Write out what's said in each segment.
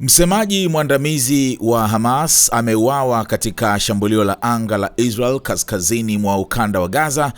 Msemaji mwandamizi wa Hamas ameuawa katika shambulio la anga la Israel kaskazini mwa ukanda wa Gaza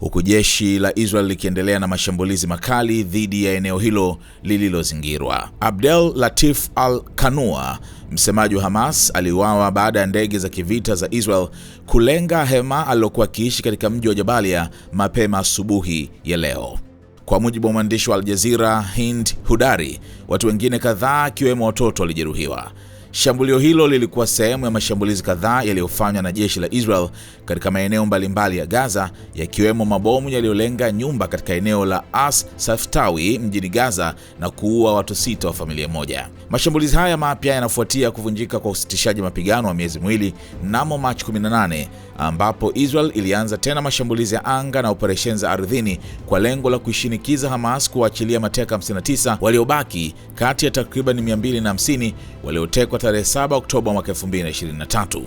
huku jeshi la Israel likiendelea na mashambulizi makali dhidi ya eneo hilo lililozingirwa. Abdel Latif Al-Kanua, msemaji wa Hamas, aliuawa baada ya ndege za kivita za Israel kulenga hema alilokuwa akiishi katika mji wa Jabalia mapema asubuhi ya leo. Kwa mujibu wa mwandishi wa Aljazira Hind Hudari, watu wengine kadhaa akiwemo watoto walijeruhiwa. Shambulio hilo lilikuwa sehemu ya mashambulizi kadhaa yaliyofanywa na jeshi la Israel katika maeneo mbalimbali ya Gaza, yakiwemo mabomu yaliyolenga nyumba katika eneo la As Saftawi mjini Gaza na kuua watu sita wa familia moja. Mashambulizi haya mapya yanafuatia kuvunjika kwa usitishaji mapigano wa miezi miwili mnamo Machi 18 ambapo Israel ilianza tena mashambulizi ya anga na operesheni za ardhini kwa lengo la kuishinikiza Hamas kuwaachilia mateka 59 waliobaki kati ya takriban 250 waliotekwa tarehe 7 Oktoba mwaka 2023.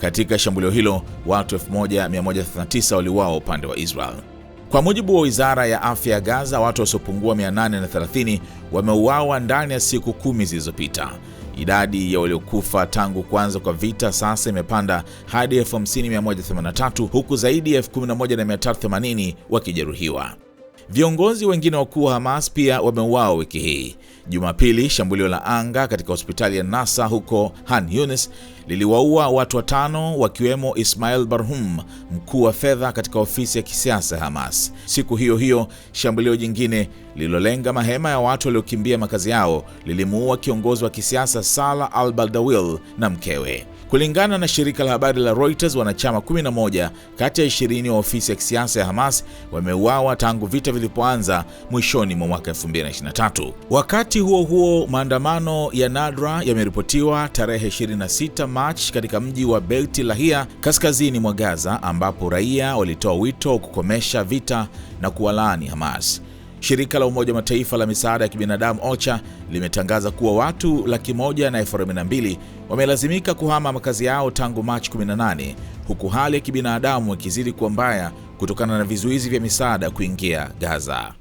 Katika shambulio hilo watu 1139 waliuawa upande wa Israel. Kwa mujibu wa wizara ya afya ya Gaza, watu wasiopungua 830 wameuawa ndani ya siku kumi zilizopita. Idadi ya waliokufa tangu kuanza kwa vita sasa imepanda hadi 50183 huku zaidi ya 11380 wakijeruhiwa. Viongozi wengine wakuu wa Hamas pia wameuawa wiki hii. Jumapili, shambulio la anga katika hospitali ya Nasa huko Han Yunis liliwaua watu watano wakiwemo Ismail Barhum, mkuu wa fedha katika ofisi ya kisiasa ya Hamas. Siku hiyo hiyo, shambulio jingine lililolenga mahema ya watu waliokimbia makazi yao lilimuua kiongozi wa kisiasa Salah al-Baldawil na mkewe. Kulingana na shirika la habari la Reuters, wanachama 11 kati ya 20 wa ofisi ya kisiasa ya Hamas wameuawa tangu vita vilipoanza mwishoni mwa mwaka 2023. Wakati huo huo, maandamano ya nadra yameripotiwa tarehe 26 March katika mji wa Beit Lahia kaskazini mwa Gaza, ambapo raia walitoa wito wa kukomesha vita na kuwalaani Hamas. Shirika la Umoja wa Mataifa la misaada ya kibinadamu OCHA limetangaza kuwa watu laki moja na elfu arobaini na mbili wamelazimika kuhama makazi yao tangu Machi 18 huku hali ya kibinadamu ikizidi kuwa mbaya kutokana na vizuizi vya misaada kuingia Gaza.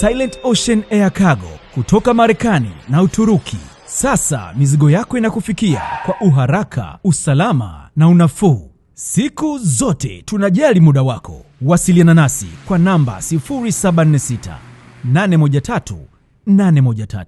Silent Ocean Air Cargo kutoka Marekani na Uturuki sasa mizigo yako inakufikia kwa uharaka, usalama na unafuu. Siku zote tunajali muda wako. Wasiliana nasi kwa namba 076 813 813.